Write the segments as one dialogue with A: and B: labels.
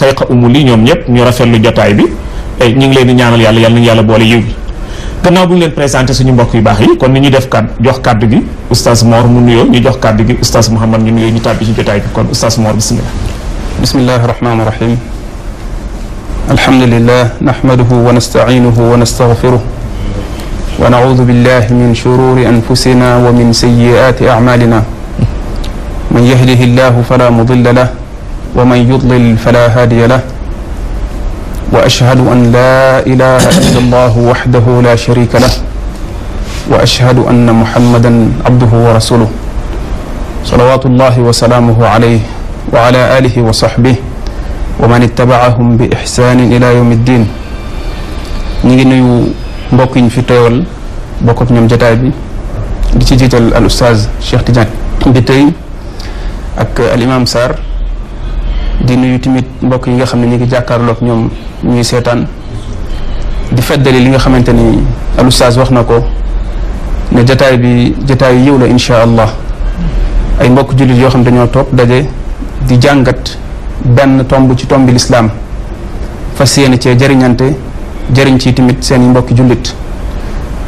A: sayqa umul yi ñoom ñëpp ñu lu jotaay bi eh, ñu ngi leen ñaanal yàlla yàlla yàlla boole yiw bi gannaaw bu ñu leen présenté suñu mbokk yu baax yi kon ni ñu def kat jox kàddu gi oustaz Mor mu nuyoo ñu jox kàddu gi oustaz Mouhamad ñu nuyoo ñu tàbbi ci jotaay bi kon oustaz Mor bisimilah bismillahi rahmaani rahim alhamdulilah nahmaduhu wa nastainuhu wa nastaghfiruh wa naudu billahi min shururi anfusina wa min sayyiati amalina man yahdihi llahu fala mudilla lah ومن يضلل فلا هادي له واشهد ان لا اله الا الله وحده لا شريك له واشهد ان محمدا عبده ورسوله صلوات الله وسلامه عليه وعلى اله وصحبه ومن اتبعهم باحسان الى يوم الدين نيغي نيو في ñu fi teewal bokk ak ñoom الاستاذ bi di بتي اك الامام سار di nuyu tamit mbokk yi nga xam ne ñu ngi jàkkaarloog ñoom ñuy seetaan di feddali li nga xamante ni al ustaas wax na ko ne jataay bi jataay yiw la insha allah ay mbokk jullit yoo xam ne dañoo toog daje di jàngat benn tomb ci tombi lislaam fas yéene cee jëriñante jëriñ ci tamit seen i mbokki jullit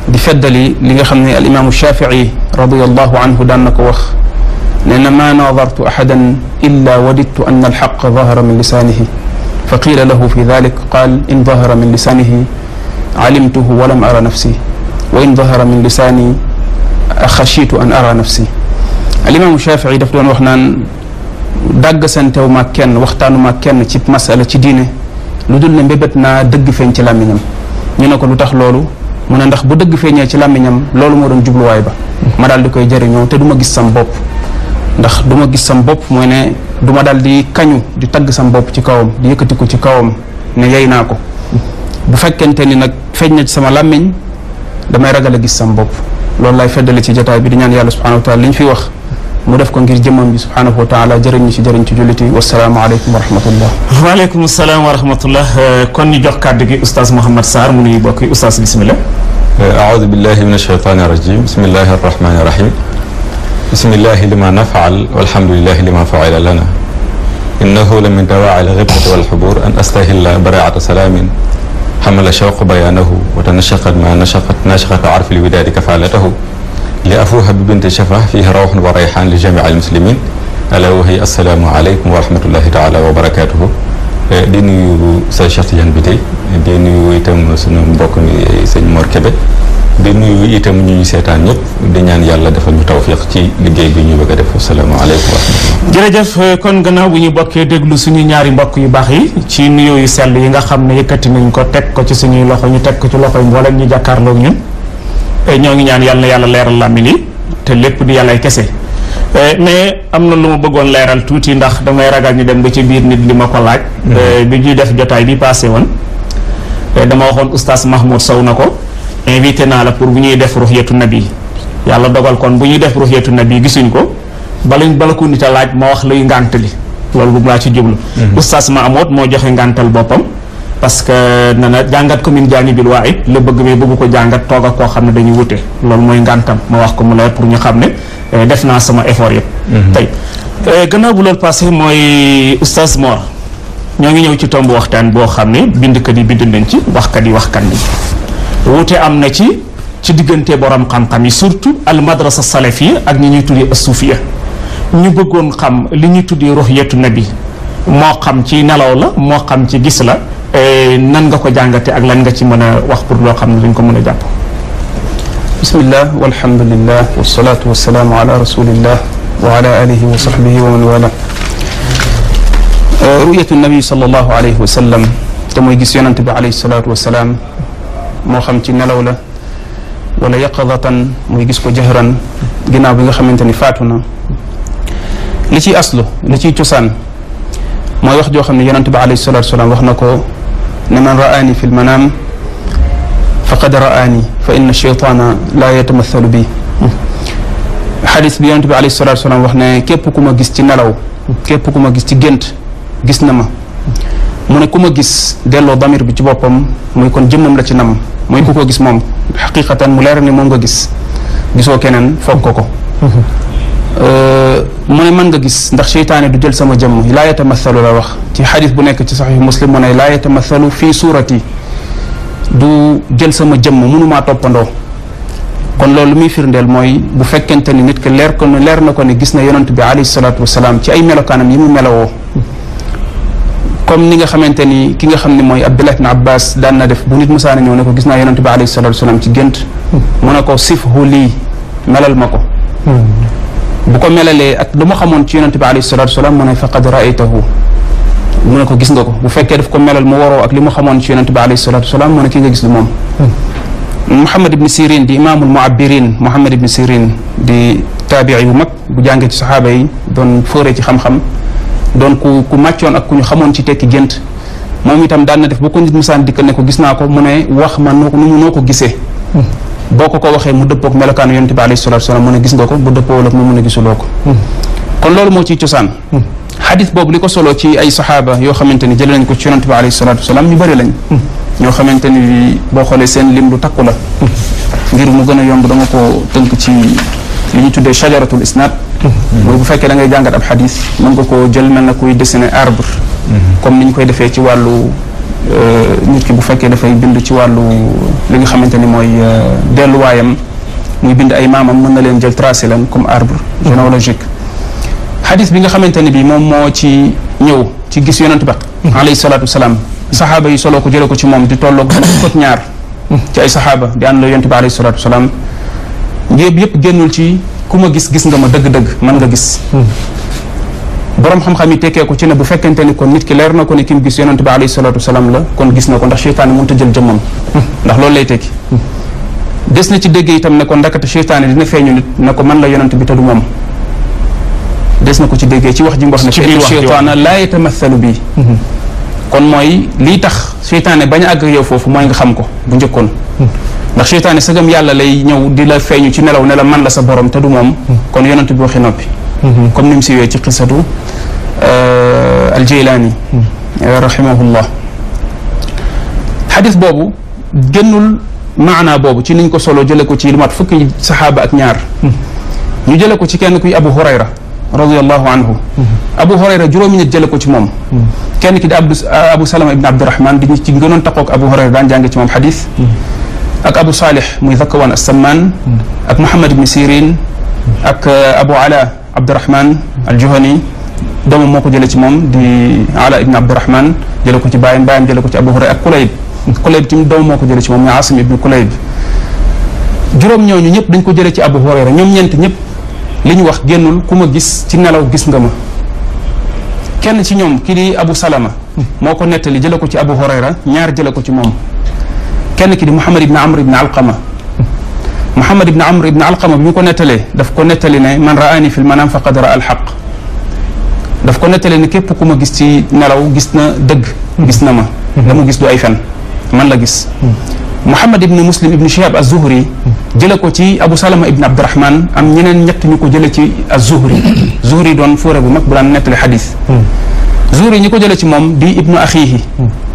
A: di feddali li nga xam ne al imaamu radiallahu daan na ko wax لأن ما ناظرت أحدا إلا وددت أن الحق ظهر من لسانه فقيل له في ذلك قال إن ظهر من لسانه علمته ولم أرى نفسي وإن ظهر من لساني أخشيت أن أرى نفسي الإمام الشافعي دفدون وحنان دق سنتو ما كان وقتان ما كان تشيب مسألة تدينه لدول نبيبتنا دق فين تلامينم ñuna ko lutax lolu mo na ndax bu deug feñe ci lamiñam lolu mo doon jublu way ba ma dal di koy ndax du ma gis sam bopp mooy ne du ma daal di kañu di tagg sam bopp ci kawam di yëkkati ko ci kawam ne yey naa ko bu fekkente ni nag feeñ na sama làmmiñ damay ragal a gis sam bopp loolu laay feddale ci jotaay bi di ñaan yàlla subhanahu wa taala li ñu fi wax mu def ko ngir jëmmam bi subhanahu wa taala jërëñ ñu ci jërëñ ci julliti wasalaamaaleykum wa rahmatullah waaleykum salaam wa rahmatullah euh, kon ñu jox kàddu gi oustaz Mouhamed Sarr mu nuyu bokk yi oustaz bismillah
B: euh, aoudu billahi min a arrajim bismillahi arrahmani بسم الله لما نفعل والحمد لله لما فعل لنا إنه لمن دواعي الغبة والحبور أن أستهل براعة سلام حمل شوق بيانه وتنشقت ما نشقت ناشقة عرف الوداد كفالته لأفوها ببنت شفه فيه روح وريحان لجميع المسلمين ألا وهي السلام عليكم ورحمة الله تعالى وبركاته ديني nuyu بدي ديني ويتم سنو tey di مركبه di nuyu itam ñu ñu seetaan ñëpp di ñaan yàlla defal ñu tawfiq ci liggéey bi ñu bëgg a def asalaamaaleykum wa rahmatulah.
A: jërëjëf kon gannaaw bu ñu bokkee déglu suñu ñaari mbokk yu baax yi ci nuyoo yu sell yi nga xam ne yëkkati nañ ko teg ko ci suñuy loxo ñu teg ko ci loxo yi ñu jàkkaarloog ñun eh, ñoo ngi ñaan yàlla yàlla leeral làmmiñ yi te lépp di yàlla kese eh, mais am na lu ma bëggoon leeral tuuti ndax damay ragal ñu dem ba ci biir nit li ma ko laaj. Mm-hmm. Eh, bi ñuy def jotaay bi passé woon dama waxoon oustaz Mahmoud Sow na ko invité na la pour bu ñuy def ruhiyatu nabi yalla dogal kon bu ñuy def ruhiyatu nabi gisuñ ko balañ bala ko nita laaj mo wax lay ngantali li bu laa ci jublu mhm. oustaz ma mo joxe ngantal bopam parce que nana ko min jani bil waid le bëgg me bëgg ko jangat toga ko xamne dañuy wute loolu moy ngantam mo wax ko mu lay pour ñu xamne eh, def naa sama effort yëpp mhm. tay. Eh, gëna bu loolu passé moy oustaz mo ñoo ngi ñew ci tombe waxtaan bo xamne bind ka di bind nañ ci di wax kan ni wute am na ci ci diggante borom xam-xam yi surtout al madrasa salafiya ak ni ñuy tuddee asufiya ñu bëggoon xam li ñuy tuddee ruhiyatu nabi moo xam ci nelaw la moo xam ci gis la e, nan nga ko jàngate ak lan nga ci mën a wax pour loo xam ne dañ ko mën a jàpp bismillah walhamdulillah wasalaatu wasalaamu ala rasulillah wa ala alihi wa sahbihi wa man wala e, ruyatu nabi sallallahu alayhi wa sallam te mooy gis yonante bi alayhi salaatu wasalaam moo xam ci nelaw la wala yaqadatan muy gis ko jahran ginnaaw bi nga xamante ni faatu na li ciy aslu li ciy cosaan mooy wax joo xam ne yonente ti alayhi salatu wasalaam wax na ko ne man raani fi lmanaam faqad raani fa inna cheytaana la yatamathalu bi xadis bi yonente bi alayhi salatu wasalaam wax ne képp ku ma gis ci nelaw képp ku ma gis ci gént gis na ma mu ne ku ma gis delloo damir bi ci boppam muy kon jëmmam la ci nam mooy ku ko gis moom xaqiqatan mu leer ni moom nga gis gisoo keneen foog ko ko euh, mu ne man nga gis ndax seytaane du jël sama jëmm laa yatamathalu la wax ci xadis bu nekk ci saxiix muslim mu ne laa yatamathalu fii suurati du jël sama jëmm mënumaa toppandoo kon loolu muy firndeel mooy bu fekkente ni nit ki leer ko leer na ko ne gis na yonent bi alayhi salaatu wasalaam ci ay melokaanam yi mu melowoo comme ni nga xamante ni ki nga xam ne mooy abdullah ibn abbas daan na def bu nit musaana ñëw ne ko gis naa yonente bi alayhi salatu wasalam ci gént mu sifhu lii melal ma ko bu ko melalee ak lu mu xamoon ci yonente bi alayhi salatu wasalam mu ne faqad raaytahu mu ne ko gis nga ko bu fekkee daf ko melal mu waroo ak li mu ci yonente bi alayhi salatu wasalam mu nga gis lu moom Muhammad ibn Sirin di imaamul muabbirin Muhammad ibn Sirin di taabi'i bu mag bu jàngee ci saxaaba yi doon doon ku ku màccoon ak ku ñu xamoon ci tekki gént moom itam daan na def bu ko nit musaan dikk ne ko gis naa ko mu ne wax ma nu mu noo ko gisee hmm. boo ko ko waxee mu dëppook melokaanu yonent bi alayhi salaatu salaam mu ne gis nga ko bu dëppoowul ak mu mun a gisuloo ko hmm. kon loolu moo ciy cosaan hmm. xadis boobu li ko solo ci ay saxaaba yoo xamante ni jële nañ ko ci yonent bi alayhi salaatu salaam ñu bëri lañ ñoo xamante ni boo xoolee seen lim lu takku la ngir mu gën a yomb ko tënk ci li ñuy tuddee shajaratul isnaad mooy bu fekkee da ngay jàngat ab xadis mën nga koo jël mel na kuy dessiner arbre comme ni koy defee ci wàllu euh, nit ki bu fekkee dafay bind ci wàllu li nga xamante ni mooy euh, delluwaayam muy bind ay maamam mën na leen jël tracé leen comme arbre généalogique xadis bi nga xamante ni bi moom moo ci ñëw ci gis yonent ba alayhi salaatu wasalaam saxaaba yi soloo ko jëlee ko ci moom di tolloog fukk ak ñaar ci ay saxaaba di ànd la yonent bi yépp yëpp génnul ci ku ma gis gis nga ma dëgg-dëgg man nga gis hmm. borom xam-xam yi tekkee ko ci ne bu fekkente ni kon nit ki leer na ko ne ki mu gis yonent bi alayhi salaatu wasalaam la kon gis na ko ndax seytaane mënut a jël jëmmam hmm. ndax loolu lay tekki hmm. des na ci dégg itam ne ko ndakate seytaane dina feeñu nit ne ko man la yonent bi te du moom na ko ci déggee ci wax ji nga wax ne feeñu seytaane laa yatamathalu bii kon mooy lii tax seytaane bañ a àgg yow foofu mooy nga xam ko bu njëkkoon ndax seytaane sëgam yàlla lay ñëw di la feeñu ci nelaw ne la man la sa borom te du moom kon yonent bi waxi noppi mhm. ni mu siwee ci xisatu euh, aljeylaani mhm. rahimahullah xadis boobu génnul maanaa boobu ci niñ ko solo jële ko ci lu mat fukki saxaaba ak ñaar mhm. ñu jële ko ci kenn kuy abu hurayra radiallahu anhu abu hurayra juróomi nit jële ko ci moom kenn ki di abdu abu salama ibn abdurahman di ci gënoon taqoog abu hurayra daan jànge ci moom xadis ak Abu Salih muy Zakwan Assamaan ak Mouhamad ibni Sirin ak uh, Abu Ala Abdurahman Aljuhani doomam moo ko jëlee ci moom di Ala ibni Abdurahman jëlee ko ci baayam baayam jëlee ko ci Abu Hurayra ak Kulayb Kulayb tamit doomam moo ko jëlee ci moom muy Asim ibni Kulayb juróom ñooñu ñëpp dañ ko jëlee ci Abu Hurayra ñoom ñeent ñëpp li ñu wax génnul ku ma gis ci nelaw gis nga ma kenn ci ñoom kii di Abu Salama moo ko nettali jëlee ko ci Abu Hurayra ñaar jëlee ko ci moom kenn ki di Muhammad ibn Amr ibn Alqama Muhammad ibn Amr ibn Alqama bi ñu ko nettalee daf ko nettali ne man raani fil manaam faqad raa alxaq daf ko nettalee ne képp ku ma gis ci nelaw gis na dëgg gis na ma la mu gis du ay fen man la gis Muhammad ibn Muslim ibn Shihab az-Zuhri jële ko ci Abu Salama ibn Abdurahman am ñeneen ñett ñu ko jële ci az-Zuhri Zuhri doon fóore bu mag bu daan nettali xadis Zuhri ñi ko jële ci moom di ibnu axiihi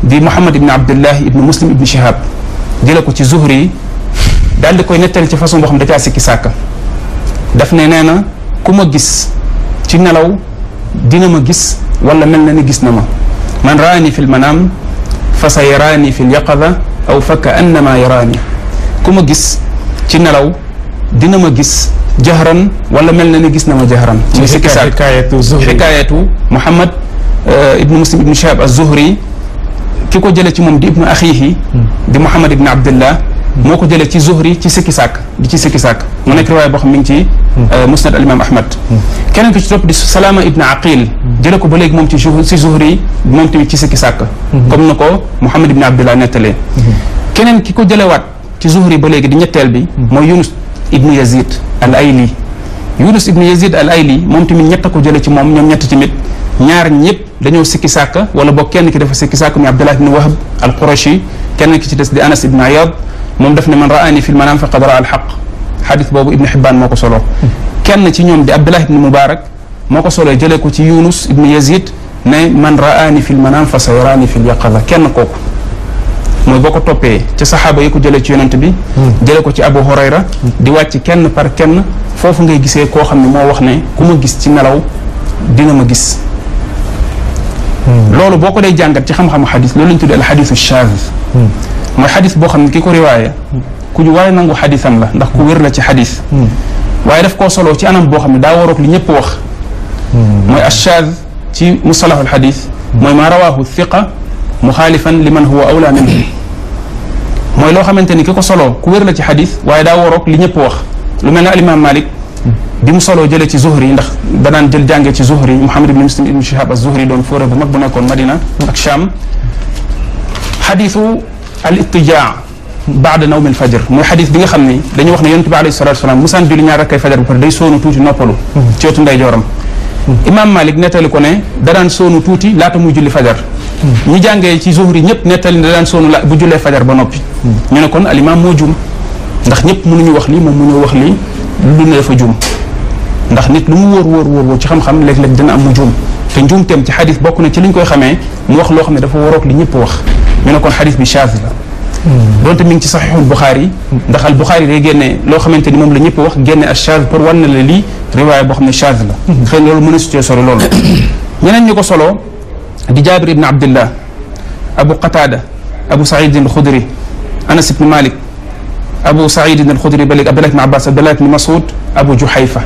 A: di Muhammad ibn Abdullah ibn Muslim ibn Shihab jële ko ci zuhri yi daal di koy nettali ci façon boo xam da caa sikki sàkka daf ne nee na ku ma gis ci nelaw dina ma gis wala mel na ni gis na ma man raani fi lmanaam fa sa yaraani fi lyaqada aw fa ka annama yaraani ku ma gis ci nelaw dina ma gis jahran wala mel na ni gis na ma jahran ci sikki sàkk xikaayatu Muhammad euh, ibnu Muslim ibnu Shihab az ki ko jëlee ci moom di ibnu axiihi di muhammad ibn abdillah moo ko jëlee ci zuhri ci sikki sàkk di ci sikki sàkk mu nekk riwaaya boo xam mi ngi ci hmm. uh, musnad al imam ahmad keneen ko ci topp di salaama ibn aqil hmm. jële ko ba léegi moom ci si zuhri moom tamit ci sikki sàkk hmm. comme na ko muhammad ibn abdillah nettalee keneen ki ko jëlewaat ci zuhri ba léegi di ñetteel bi mooy yunus ibnu yazid al ayli yunus ibnu yazid al ayli moom tamit ñett ko jële ci moom ñoom ñett tamit ñaar ñëpp dañoo sikki sàkk wala boo kenn ki dafa sikki sàkka muy Abdullah ibn Wahb al Qurashi kenn ki ci des di Anas ibn Ayad moom def ne man raani fi lmanaam faqad raa alxaq xadis boobu ibn Hibbaan ko solo kenn ci ñoom di Abdullah ibn Mubarak moo ko solo jëlee ko ci Yunus ibn Yazid ne man raani fi lmanaam fa sa yaraani fi kenn kooku mooy boo ko toppee ca saxaaba yi ko jëlee ci yonent bi jëlee ko ci Abu Hurayra di wàcc kenn par kenn foofu ngay gisee koo xam ne moo wax ne ku ma gis ci nelaw dina ma gis loolu boo ko dee jàngat ci xam-xamu xadis loolu lañ tuddee al xadisu mooy xadis boo xam ne ki ko riwaaya ku ñu waaye nangu xadisam la ndax ku wér la ci xadis waaye daf koo soloo ci anam boo xam ne daa waroog li ñëpp wax mooy achaaz ci musalahul xadis mooy maa rawaahu thiqa muxaalifan li man huwa awla minhu mooy loo xamante ni ki ko soloo ku wér la ci xadis waaye daa waroog li ñëpp wax lu mel ne alimaam Malik bi mu soloo jëlee ci zuhri ndax danaan jël jànge ci zuhri Muhammad ibn Muslim ibn Shihab az-Zuhri doon fóore bu mag bu nekkoon Madina ak Sham xadiisu al mooy xadiis bi nga xam ni dañuy wax ne yonent bi alayhi salaatu wa salaam musaan julli ñaar rakkay fajar bu pare day soonu tuuti noppalu ci wetu ndeyjooram imaam Malik nettali ko ne danaan soonu tuuti laata muy julli fajar ñu jàngee ci zuhri ñëpp nettali ne danaan soonu la bu jullee fajar ba noppi ñu ne kon alimaam moo juum ndax ñëpp mënuñu wax lii moom mu ñëw wax lii lu ne dafa juum ndax nit lu mu wóor wóor wóor wóor ci xam-xam léeg-léeg dina am lu juum te njuumteem ci xadis bokk na ci liñ koy xamee mu wax loo xam ne dafa waroog li ñëpp wax ñu ne kon xadis bi chaaz la hmm. donte mi ngi ci saxiixul Buxaari ndax al Buxaari day génne loo xamante ni moom la ñëpp wax génne ak chaaz pour wan na la lii riwaaya boo xam ne chaaz la hmm. xëy loolu mën a situé solo loolu ñeneen ñi ko solo di jaabir ibn abdillah abu qataada abu saidin alxudri anas ibn malik abu saidin alxudri ba léegi abdullah ibn abbas abdullah ibn masud abu juhayfa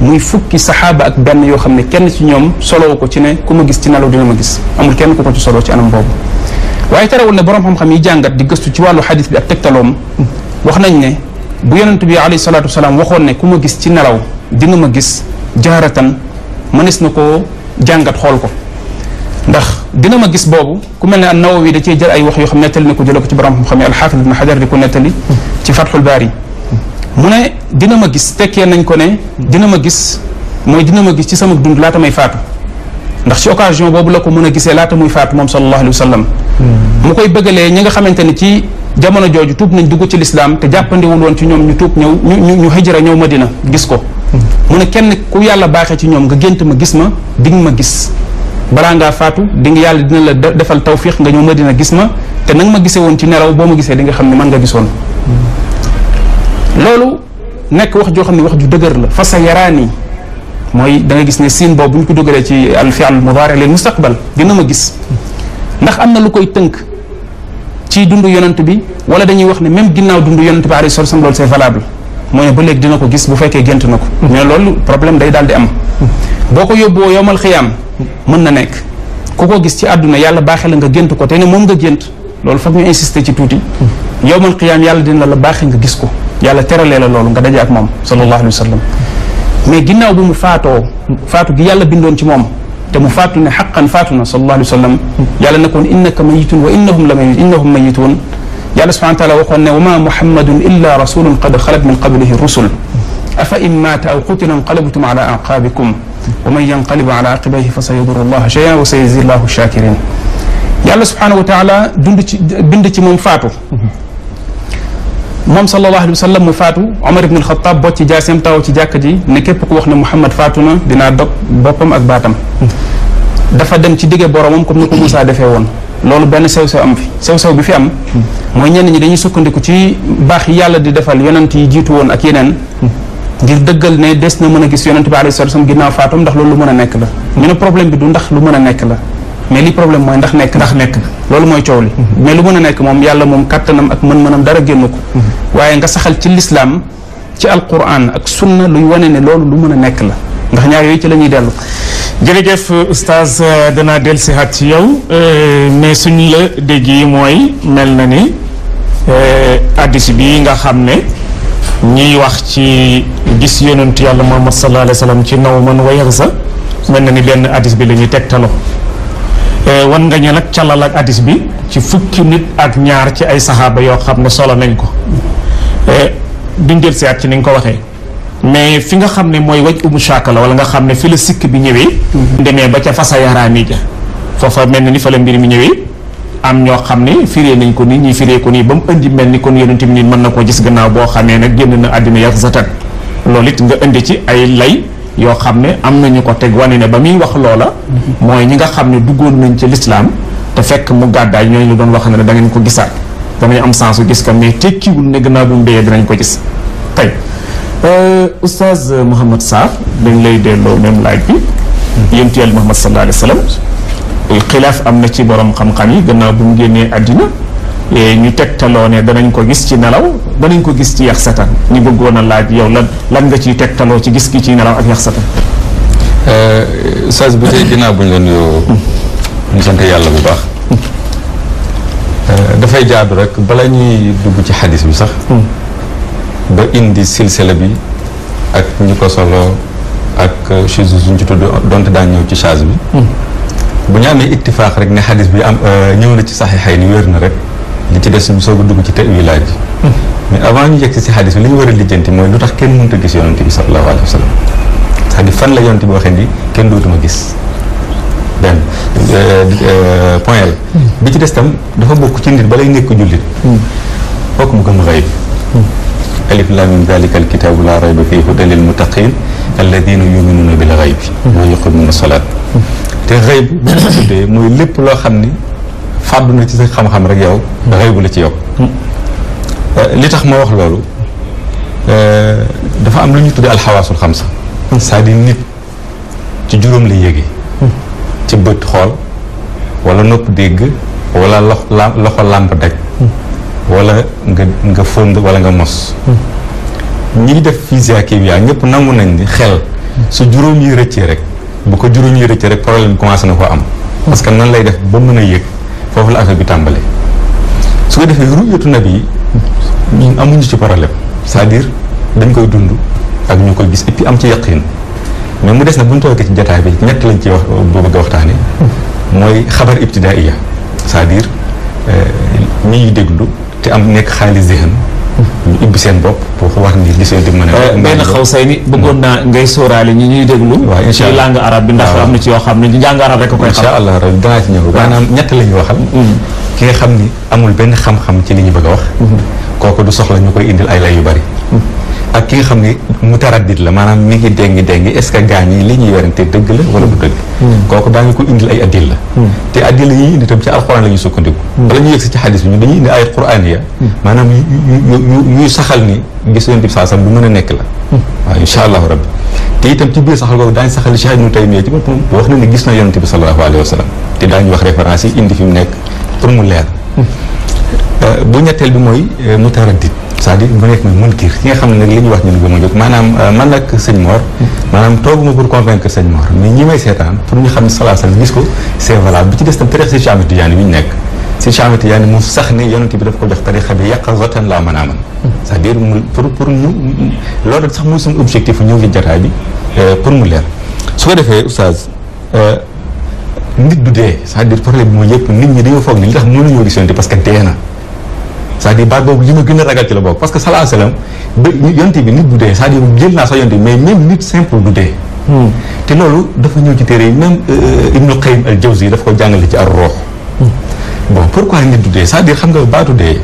A: muy fukki saxaaba ak benn yoo xam ne kenn ci ñoom solowu ko ci ne ku ma gis ci nelaw dina ma gis amul kenn ku ko ci solo ci anam boobu waaye terewul ne borom xam-xam yi jàngat di gëstu ci wàllu xadis bi ak tegtaloom wax nañ ne bu yonent bi alayhi salaatu wasalaam waxoon ne ku ma gis ci nelaw di ma gis jaaratan mënees na koo jàngat xool ko ndax dina ma gis boobu ku mel ne an nawawi da cee jël ay wax yoo xam nettali na ko jële ko ci borom xam-xam yi alxaafis ibn xajar di ko nettali ci fatxul yi mu ne dina ma gis tekkee nañ ko ne dina ma gis mooy dina ma gis ci sama dund laata may faatu ndax ci occasion boobu la ko mën a gisee laata muy faatu moom sallallahu alayhi wa sallam mu koy bëggalee ñi nga xamante ne ci jamono jooju tuub nañ dugg ci lislaam te jàppandiwul woon ci ñoom ñu tuub ñëw ñu ñu hijra ñëw ma madina gis ko mu ne kenn ku yàlla baaxee ci ñoom nga gént ma gis ma di nga ma gis balaa ngaa faatu di nga yàlla dina la defal tawfiq nga ñëw madina gis ma te nanga ma gisee woon ci neraw boo ma gisee di nga xam ne man nga loolu nekk wax joo xam ne wax ju dëgër la fa sa yaraani mooy dangay gis ne siin boobu bu ñu ko dogaree ci al fi'l mudaari lil mustaqbal dina ma gis ndax am na lu koy tënk ci dundu yonant bi wala dañuy wax ne même ginnaaw dundu yonent bi alayhi salaatu wasallam loolu c'est valable mooy ne ba léegi dina ko gis bu fekkee gént na ko mais loolu problème day daal di am boo ko yóbbuwoo yowmal xiyaam mën na nekk ku ko gis ci àdduna yàlla baaxee la nga gént ko te ne moom nga gént loolu foog ñu insister ci tuuti yowmal xiyaam yàlla dina la baaxee nga gis ko يلا ترى ليلا لولو غدا جاك موم صلى الله عليه وسلم مي جنا بو مفاتو فاتو دي بن بيندون تي موم حقا فاتونا صلى الله عليه وسلم يلا نكون انك ميت وانهم لميت انهم ميتون يلا سبحانه وتعالى وقلنا وما محمد الا رسول قد خلت من قبله الرسل افان مات او قتل انقلبتم على اعقابكم ومن ينقلب على عقبيه فسيضر الله شيئا وسيزيد الله الشاكرين يلا سبحانه وتعالى بندتي فاتو moom sallallahu alayhi wa sallam mu faatu Omar ibn al-Khattab bot ci jaaseem taw ci jàkk ji ne képp ku wax ne Muhammad faatu na dinaa dog boppam ak baatam dafa dem ci digge boromam comme ni ko Moussa defee woon loolu benn sew-sew am fi sew-sew bi fi am mooy ñenn ñi dañuy sukkandiku ci baax yàlla di defal yonent yi jiitu woon ak yeneen ngir dëggal ne des na mën a gis yonent bi alayhi salaam ginnaaw faatum ndax loolu lu mën a nekk la ñu ne problème bi du ndax lu mën a nekk la mais li problème mooy ndax nekk ndax nekk loolu mooy coow li mais lu mën a nekk moom yàlla moom kàttanam ak mën-mënam dara génn ko waaye nga saxal ci lislaam ci alquran ak sunna luy wane ne loolu lu mën a nekk la ndax ñaar yooyu ci lañuy ñuy dellu jërëjëf oustaz danaa del si xat ci yow euh, mais suñ la dégg yi mooy mel na ni euh, addis bi nga xam ne ñuy wax ci gis yonent yàlla Muhammad sallallahu alayhi wa sallam ci naw man wayax sa mel na ni benn addis bi lañuy ñuy tegtaloo Eh, wan nga ñu nag calal ak addis bi ci fukki nit ak ñaar ci ay saxaaba yoo xam ne solo nañ ko eh, duñ del si at ci ni nga ko waxee mais fi nga xam ne mooy waj umu shaaka la wala nga xam ne fi la sikk bi ñëwee mm-hmm. demee ba ca fasa yaraani ja foofa mel na ni fa la mbir mi ñëwee am ñoo xam ne firee nañ ko nii ñii firee ko nii ba mu indi mel ni kon yonent bi nit mën na koo gis gannaaw boo xamee nag génn na àddina yàq satan loolu it nga indi ci ay lay yoo xam ne am nañu ko teg wane ne ba muy wax loola mooy ñi nga xam ne duggoon nañ ci lislaam te fekk mu gàddaay ñoo la doon wax ne da ngeen ko gisaat danañ am sens su gis ko mais tekkiwul ne gannaaw bu mu béyee dinañ ko gis tey euh, oustaz Mouhamed Sarr dañ lay delloo même laaj bi yéntu yàlla Muhammad sallallahu alayhi wa sallam xilaaf am na ci borom xam-xam yi gannaaw bu mu génnee àddina E ñu tegtaloo ne danañ ko gis ci nelaw danañ ko gis ci yax satan ñu bëggoon a laaj yow lan lan nga ciy tegtaloo ci gis gi ci nelaw ak yax satan
B: euh, sas bi tey ginnaaw bu ñu la nuyoo sant yàlla bu baax euh, dafay jaadu rek bala ñuy dugg ci xadis bi sax ba indi silsila bi ak ñu ko solo ak chose suñ ci tudd donte daan ñëw ci chage bi hmm. bu ñu amee ittifaax rek ne xadis bi am euh, ñëw na ci saxiixay ni wér na rek li ci des mu soog a dugg ci te wilaay ji mais avant ñu yegg si xadis bi li ñu war a lu tax kenn mënut a gis yonante bi sallallahu alayhi wa sallam c'est-à-dire fan la yonante bi waxee ni kenn dootuma gis benn euh, point ci des tam dafa bokk ci nit nekk jullit fokk mu gëm xayb alif lam mim dalika al kitaabu laa rayba fii hudan lil muttaqin alladina yuminuuna bil xaybi wa yuqimuuna salaat te xayb mooy lépp loo xam ni fàddu na ci sa xam-xam rek yow dafay bu la ci yokk euh, li tax ma wax loolu euh, dafa am lu ñu tuddee alxawaasul xam sa cest à nit ci juróom la yéege ci bët xool wala nopp dégg wala loxo làmp daj wala nga nga fënd wala nga mos ñi def physique kimia ñëpp nangu nañ ni xel su juróom yi rëccee rek bu ko juróom yi rëccee rek problème commencé na ko am parce que nan lay def ba mën a yëg foofu la affaire bi tàmbalee su ko defee ruuyatu nag yi ñun amuñu ci problème cest à dañ koy dund ak ñu koy gis et puis am ci yaqin mais mu des na bu ñu toogee ci jataay bi ñett lañ ci wax boo bëgg a waxtaane mooy xabar ibtidaaiya c'est-à-dire euh, ñuy déglu te am nekk xaalis zihan ñu ubbi seen bopp pour wax ni li see di mën a. Euh, benn xaw
A: say ni bëggoon naa ngay sóoraale ñi ñuy déglu. waaw incha allah ci langue arabe bi ndax am na ci yoo xam ne ñu jàng arab rek a koy xam. incha allah
B: ñëw maanaam ñett la ñu waxal. Mm. ki nga xam ni amul benn xam-xam ci ni ñu bëgg a wax. Mm-hmm. kooku du soxla ñu koy indil ay lay yu bari. Mm. ak ki nga xam ne mutaraddit la maanaam ni ngi dengi dengi est ce que gaañ yi li ñuy werante dëgg la wala bu dëgg hmm. kooku daañu ko indil ay addil la hmm. te addil yi indi tam ci alxuraan la sukkandiku hmm. bala ñuy yegsi ci xadis bi ñu dañuy indi ay quraan ya maanaam yuy saa sam bu mën a nekk la waaw incha allahu rabbi te itam ci biir saxal googu daañu saxal Cheikh Ibnu Taymiyya ci boppam wax na ni gis na yonent bi sallallahu alayhi wa sallam te daañu wax référence yi indi fi mu nekk pour mu leer euh, bu ñetteel bi mooy euh, mutaraddit c'est-à-dire mu nekk mooy munkir ki nga xam ne nag li ñu wax ñun gëm a jóg maanaam euh, man nag sëñ Mor maanaam tooguma pour convaincre sëñ Mor mais ñi may seetaan pour ñu xam ne salaasal gis ko c'est valable bi ci des tam tariix si Cheikh Tidiane bi ñu nekk si Cheikh Tidiane mu sax ne yonent bi daf ko jox tariixa bi yàq zotan laa mën a aman c'est-à-dire mu pour pour ñu loolu sax mooy suñu objectif ñëw fi jataay bi euh, pour mu leer su ko defee oustaz euh, nit du dee c'est-à-dire problème bi mooy yëpp nit ñi dañoo foog ne li tax mënuñoo gis yonent parce que dee na c'est-à-dire baat boobu li ma gën a ragal ci la bokk parce que salaa salaam yonte bi nit du dee c'est-à-dire jël naa sax yonte bi mais même nit simple du dee hmm. te loolu dafa ñëw ci téere yi même euh, euh, Ibnu Qayyim al Jawzi dafa ko jàngale ci ar-ruux hmm. bon pourquoi nit du dee c'est-à-dire xam nga baatu dee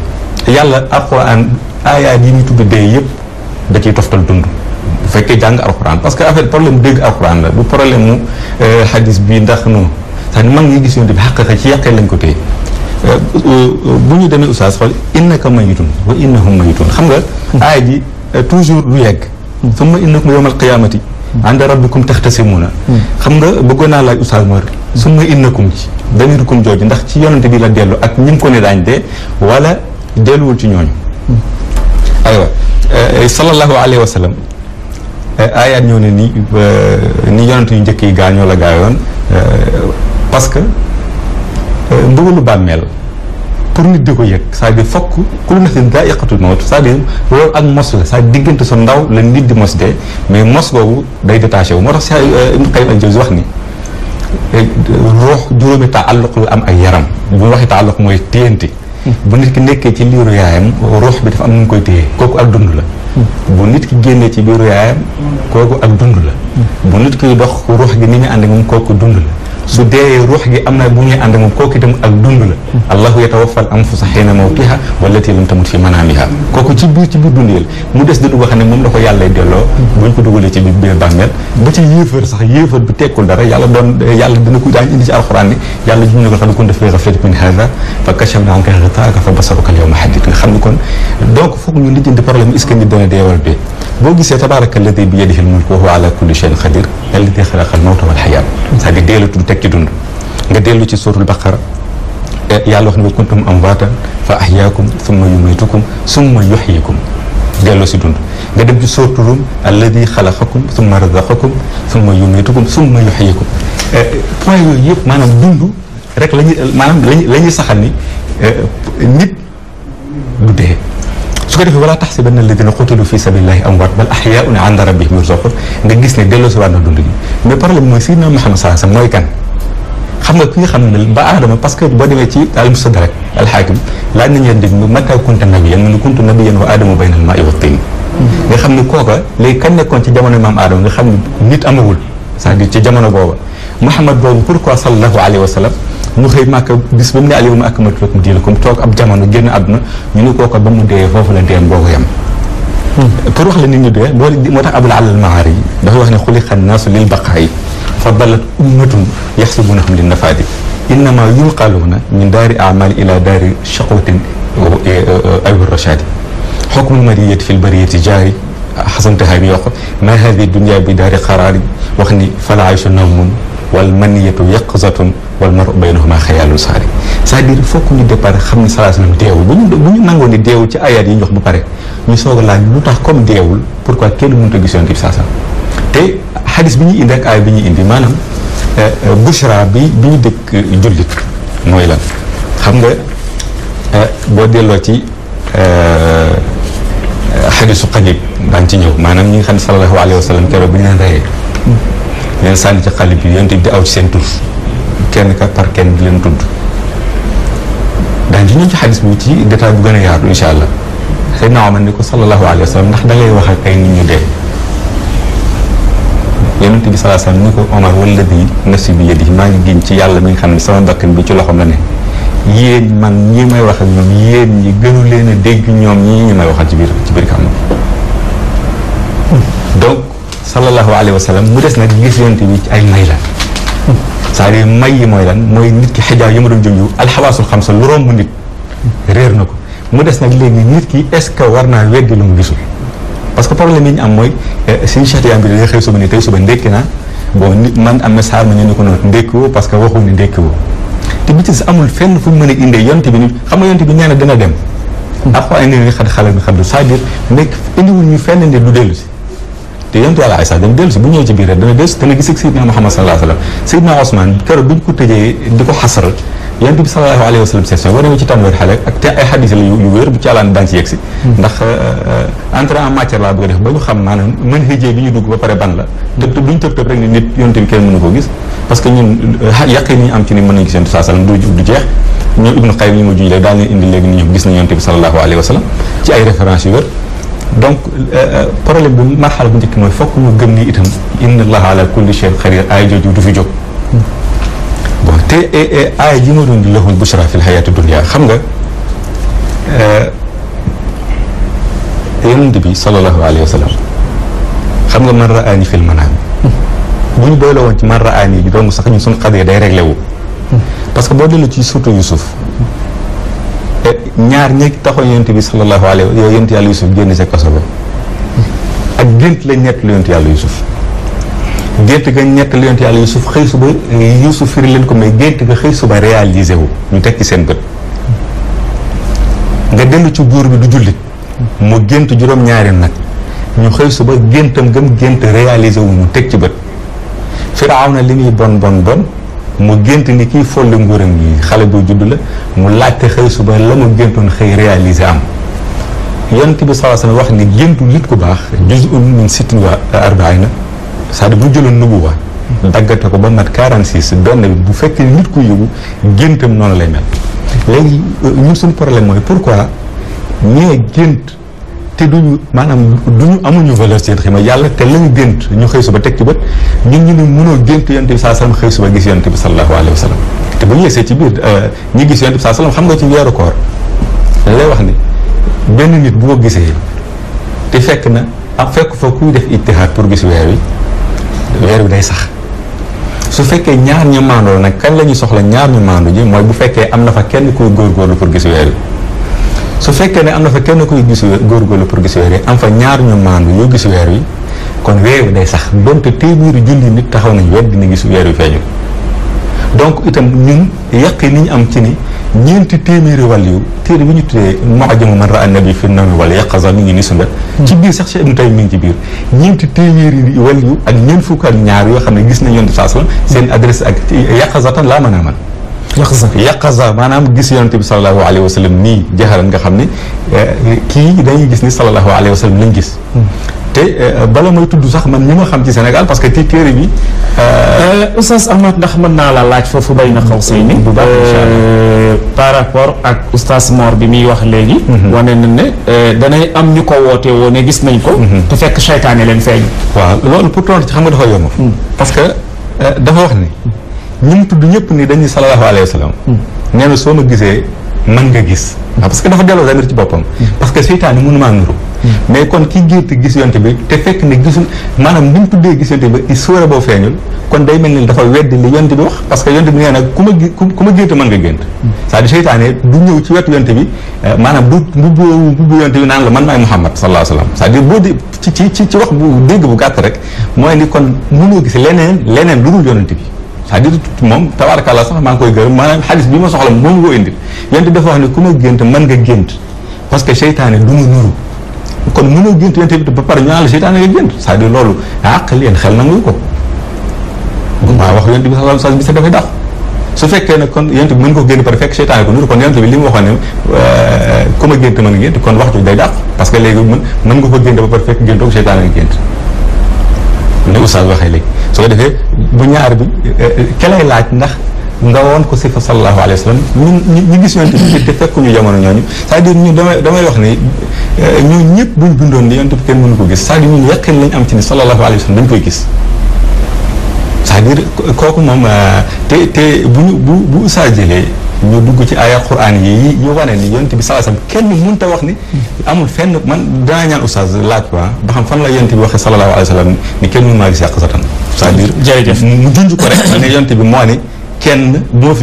B: yàlla alxuraan aayaat yi ñu tudd dee yëpp da ciy toftal dund bu fekkee jàng alxuraan parce que en fait problème dégg alxuraan la du problème mu xadis euh, bi ndax non c'est-à-dire mag ñi gis ci yàqee lañ ko téye Euh, euh, bu ñu demee oustaz xool innaka mayitun wa innahum mayitun xam nga aay ji euh, toujours lu yegg summa innakum yawmal qiyaamati ànda rabbikum taxtasimuuna xam nga bëggoon naa laaj oustaz Mor summa innakum ci damirukum jooju ndax ci yonante bi la dellu ak ñi mu ko ne daañ dee wala delluwul ci ñooñu aywa sallallahu alayhi wa sallam aayaat ñoo ne ni ni yonante yu njëkk yi gaañoo la gaayoon parce que mbugalu bàmmeel pour nit di ko yëg c'est-à-dire fokk ku lu nafsin daa yàqatu mawt c'est-à-dire ak mos la cest diggante sa ndaw la nit di mos dee mais mos boobu day détaché wu moo tax si Ibn Qayyim al-Jawzi wax ni ruux juróomi taalluq yu am ay yaram bu ñu waxee taalluq mooy téyanti bu nit ki nekkee ci liiru yaayam ruux bi dafa am nu mu koy téye kooku ak dund la bu nit ki génnee ci biiru yaayam kooku ak dund la bu nit ki dox ruux gi ni ñu ànd moom kooku dund la سودي روح أمنا بني عندهم كوكي دم أقدون الله يتوفى الأنفس حين موتها والتي لم تموت في منامها كوكو تبي تبي دنيا مودس دلو بخنا مم لو خيال لي دلو بقول كده ولا تبي بير بانجر بس يفر صح يفر بتأكل دارا يلا دون يلا دون كده عندي نجار القرآن يلا جمعنا كده كده في غفلة من هذا فكشفنا عنك غطاء فبصرك اليوم حديث خلنا كون دونك فوق من لدي اندبار لم يسكن الدنيا دي والبي بوجي سيتبارك الذي بيده الملك وهو على كل شيء قدير الذي خلق الموت والحياة هذه ديلو تبتكي دون نغا ديلو تي سورة البقرة يا الله خني كنتم امواتا فاحياكم ثم يميتكم ثم يحييكم ديلو سي دون نغا ديم سورة الروم الذي خلقكم ثم رزقكم ثم يميتكم ثم يحييكم بوين يوي ييب مانام دوندو رك لا ني مانام لا ني ساخال ني نيت دو su ko defee wala taxsibanna alladina qutilu fi sabilillahi amwaat bal ahyaun inda rabbihim yarzuqun nga gis ne delloo si waat na dund gi mais problème mooy Sayyidina Muhammad sallallahu alayhi wasallam mooy kan xam nga ki nga xam ne ba aadama parce que boo demee ci al-Mustadrak al-Hakim laaj nañu leen di mata kunta nabiyyan man kuntu nabiyyan wa aadamu bayna al-maa'i wa tiin nga xam ne kooka léegi kan nekkoon ci jamono maam aadama nga xam ne nit amagul c'est-à-dire ci jamono booba Muhammad boobu pourquoi sallallahu alayhi wa sallam نخي ماك بس بمن عليه ماك مطلوب مدير لكم توك أب جمانو جن أبنا ينو كوك أب مدير فوفلن ديان بوعيم تروح لنيني ده بول مرة قبل على المعاري ده هو هنا خلي خل الناس للبقاي فبلت أمتهم يحسبونهم للنفادي إنما يقالون من دار أعمال إلى دار شقوة أو الرشاد حكم المرية في البرية جاري حسن تهامي ما هذه الدنيا بدار قرار وخني فلا عيش نوم wal maniyatu yaqzatun wal maru baynahuma xayaalun saari c'est-à-dire fokk ñu départ xam ne salaa sallam deewul bu ñu bu ñu nangoo ni deewul ci ayaat yi ñu wax ba pare ñu soog a laaj tax comme deewul pourquoi kenn mënut a gis yonent bi saa sallam te xadis bi ñu indi ak aaya bi ñuy indi maanaam euh, euh, bushra bi bi ñu dëkk jullit mooy la xam nga euh, boo delloo ci xadisu xadib ngi ci ñëw maanaam ñi nga xam ne sallallahu alayhi wa sallam keroog bi ñu naan reyee mais sànni ci xali bi yonent bi di aw ci seen tur kenn ka par kenn di leen tudd daañu ci ñëw ci xadis bi ci détail bu gën a yaatu incha allah Seydina Omar ni ko sallallahu alayhi wa sallam ndax da ngay wax ak ay nit ñu dee yonent bi sallallahu alayhi wa sallam ni ko Omar walladi nafsi bi yadihi maa ngi giñ ci yàlla mi xam ne sama bakkan bi ci loxoom la ne yéen man ñi may wax ak ñoom yéen ñi gënu leen dégg ñoom ñii ñi may waxal ci biir ci biir kàmm donc. sallallahu alayhi wa sallam mu des nag gis yonent bi ci ay may la c'est-à-dire may yi mooy lan mooy nit ki xijaa yi ma doon junju alxawaasul xamsa lu romb nit réer na ko mu des nag léegi nit ki est-ce que war naa weddi lu mu gisul parce que problème yi ñu am mooy eh, suñu cheikh yaam bi dañuy xëy suba ni tey suba ndékki naa man am na saar ma ñu ne ko noonu ndékkiwoo parce que waxu ni ndékkiwoo te bi ci amul fenn fu mu mën a indee yonent bi ni xam nga yonent bi ñaan dina dem après indi ni xad xale bi xaddu c'est-à-dire indiwul ñu fenn ne lu dellu si te yonent a Aysa dañ dellu si bu ñëwee ci biir rek dana dellu si Muhammad sallallahu alayhi wa bi ñu ko tëjee di ko xasar yonent bi sallallahu alayhi wa sallam section boo demee ci tàmbali xale ak te ay xadis la yu wér bu ci àllaan daan ci yegsi hmm. ndax euh, euh, entrée en matière laa bëgg a def ba ñu xam maanaam mën xëjee bi ñu dugg ba pare ban la tëb tëb duñ tëb tëb rek ni nit yonent bi kenn mënu ko gis parce que ñun euh, yàqin am ci ni mën gis yonent sallallahu alayhi du du jeex ñoom Ibnu Qayyim ñu ma juñ donc problème bi marxala bu njëkk mooy fokk ñu gëm ni itam inna allaha ala kulli chein xadir aay jooju du fi jóg bon te aay ji ma doon di lahul bushra fi lxayaati dunia xam nga yonent bi salallahu alayhi wa sallam xam nga man raani fil manaam bu ñu boole woon ci man raani ji doon sax ñun suñu xadee day réglé wu parce que boo dellu ci surtout Yusuf ñaar ñi taxoon yonent bi sallallahu alayhi yow yonent yàlla yusuf génn ca kaso ba ak gént lañ ñett lu yonent yàlla yusuf gént ga ñett lu yonent yàlla yusuf xëy suba yusuf firi leen ko mais gént ga xëy suba réalisé wu ñu teg ci seen bët nga dellu ci buur bi du jullit mu gént juróom-ñaari nag ñu xëy suba géntam gëm gént réalisé wu ñu teg ci bët firaaw na li muy bon bon bon mu gént ni kiy folle nguuram yi xale bu judd la mu laajte xëy suba la mu géntoon xëy réaliser am yonent bi sallallahu sa wasallam wax ni géntu nit ku baax juz'un min sittin wa arbaina c'est-à-dire bu jëloon nubuwa daggate ko ba mat 46 benn bi bu fekkee nit ku yóbbu géntam noonu lay mel léegi ñun suñu problème mooy pourquoi ñee gént te duñu maanaam duñu amuñu valeur seen xima yàlla te lañ gént ñu xëy suba teg ci bët ñun ñu ne mënoo gént yonent bi saa sallam xëy suba gis yonent bi sallallahu alayhi wa sallam te bu ñu yegsee ci biir euh, ñi gis yonent bi saa sallam xam nga ci weeru koor lay wax ni benn nit bu ko gisee te fekk na am ah, fekk fa kuy def ittihaad pour gis weer wi weer wi day sax su fekkee ñaar ñu maandoo nag kañ la ñuy soxla ñaar ñu maandu ji mooy bu fekkee am na fa kenn kuy góorgóorlu pour gis weer wi su fekkee ne am na fa kenn kuy gis góorgóorlu pour gis weer yi am fa ñaar ñu maandu yoo gis weer yi kon weer wi day sax donte téeméeri junni nit taxaw nañ wet dina gis weer wi feeñul donc itam ñun yàq ni ñu am ci ni ñeenti téeméeri wàll yu téere bi ñu tuddee mu'jamu man ra'a fi nawmi wala yaqaza mi ngi ni sunna hmm. ci biir sax Cheikh Ibn Taymiyya mi ci biir ñeenti téeméeri wàll yu ak ñeent fukk ak ñaar yoo xam ne gis nañ yoon saa seen adresse ak yaqazatan laa mën a man yaqaza yaqaza maanaam gis yonente bi salallahu alayhi wa sallam nii nga xam ne eh, kii dañuy gis ni salallahu alayhi wa sallam lañ gis hmm. te eh, bala may tudd sax ma ñi ma xam ci senegal parce que ci téere bi eh, oustaz Ahmad ndax mën naa la laaj foofu bay na xaw say ni par
A: rapport ak oustaz Mor bi muy wax léegi hmm. wane na ne danay am ñu ko woote wo ne
B: gis nañ ko hmm. te fekk seytaane leen feeñ waaw loolu pour tontu ci xam nga dafa yomb parce que dafa wax ni ñi mu tudd ñëpp ni dañuy sallallahu alayhi wa sallam hmm. nee na soo ma gisee mën nga gis hmm. parce que dafa delloo zamir ci boppam hmm. parce que seytaane mënu maa nuru mais kon ki gént gis yonte bi te fekk ne gisul maanaam ni mu tuddee gis yonte bi sóora boo feeñul kon day mel ni dafa weddi li yonte parce que yonte bi nee na ku ma ku ma gént mën nga gént c'est-à-dire du ñëw ci wetu yonte bi eh, maanaam bu bu boobu bu bu yonte bi naan la man maay Muhammad sallallahu alayhi wa sallam cest à boo di ci ci ci wax bu dégg bu gàtt rek mooy ni kon mu mënoo gis leneen leneen lu dul bi c'est-à-dire moom tabaarakàlla sax maa ngi koy gërëm manam xadis bi ma soxla moom nga ko indil yéen it dafa wax ne ku ma gént nga gént parce que seytaane du ma nuru kon mënoo gént yéen tamit ba pare ñu naan nga gént c'est-à-dire loolu àqal ah, xel nangu ko maa wax yéen bi sa sa bi sa dafay dax su fekkee ne kon yéen mën ko gént pare fekk seytaane ko nuru kon yéen bi li mu waxoon ne euh, ku man gént kon wax ju day dàq parce que léegi mën mën nga ko gént ba pare fekk géntoo ko nga ne oustaz waxee léegi su ko defee bu ñaar bi kelay laaj ndax nga woon ko sifa sallallahu alayhi wa ñu ñu gis yonent jamono ñooñu c'est-à-dire damay damay wax ni euh, ñoo ñëpp buñ bindoon ni yonent bi kenn mënu ko gis c'est-à-dire ñun yaqin lañ am ci ni sallallahu alayhi koy gis kooku moom euh, te te bu ñu bu bu jëlee ñu dugg ci ay alquran yi yu wane ni yonent bi sallallahu alayhi wasallam kenn mënta wax ni amul fenn man dinaa ñaan oustaz laaj quoi ba xam fan la yonent bi waxee sallallahu alayhi wasallam ni kenn mënu maa gis yàq satan c'est-à-dire jërëjëf mu junj moo ma fi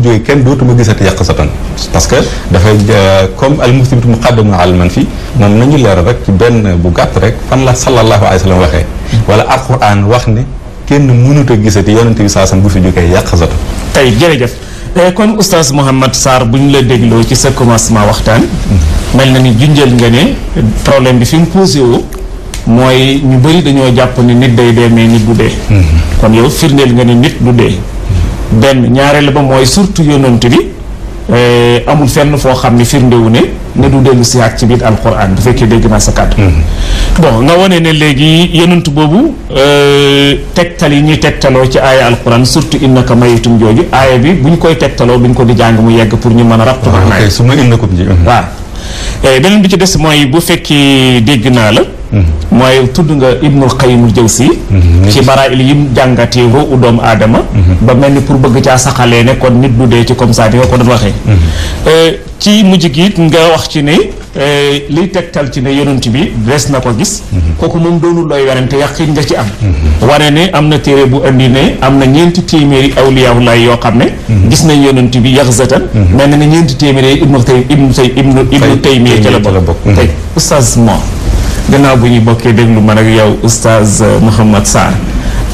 B: jógee kenn dootuma gisati yàq satan parce que dafay euh, comme al musibit muqaddamun ala al manfi moom nañu leeral rek ci benn bu gàtt rek fan la sallallahu alayhi wasallam waxee wala alquran wax ne kenn mënut a gisati yonent bi sallallahu alayhi wasallam bu fi jógee yàq satan tey jërëjëf Eh, kon oustaz Mouhamed Sarr bu ñu la dégloo
A: ci sa commencement waxtaan mel na ni junjël nga ne problème bi fi mu posé wu mooy ñu bëri dañoo jàpp ni nit day dee mais nit du dee mhm. kon yow firndeel nga ne nit du dee mhm. benn ñaareel ba mooy surtout yonent bi Eh, amul fenn foo xam ne firndewu ne ne du dellu si ak ci biir alquran bu fekkee dégg naa sa kàddu mm-hmm. bon nga wane ne léegi yenantu boobu eh, tegtal yi ñuy tegtaloo ci aaya alquran surtout innaka mayitum jooju aaya bi bu ñu koy tegtaloo duñ ko di jàng mu yegg pour ñu mën a rabtu maanaam waa beneen bi ci des mooy bu fekkee dégg naa la mooy tudd nga Ibnul Qayyimul Jawzi mhm. ci baraa'il yim jàngatee ruu doomu aadama mhm. ba mel ni pour bëgg caa saxalee ne kon nit du dee ci comme ça di nga ko doon waxee mhm. euh, ci mujj gi nga wax ci ne euh, liy tegtal ci ne yonent bi des na ko gis kooku moom doonul looy werante yàqin nga ci am wane ne am na téere bu indi ne am na ñeenti téeméeri awliyaawu laay yoo xam ne gis nañ yonent bi yaxzatan mel na ne ñeenti téeméeri ibnu tay ibnu ca la bokk tey oustaz gannaaw bu ñu bokkee déglu man ak yow oustaz Mouhamad Sarr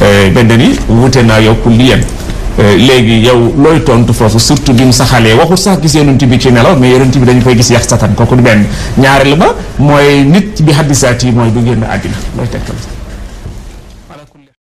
A: eh, benn ni wute naa yow kulliyan eh, léegi yow looy tontu foofu surtout bi mu saxalee waxul sax gis yonent bi ci nelaw mais yonent bi dañu koy gis yax satan kooku du benn ñaareel ba mooy nit bi xaddisaat yi mooy du génn àddina looy tekkal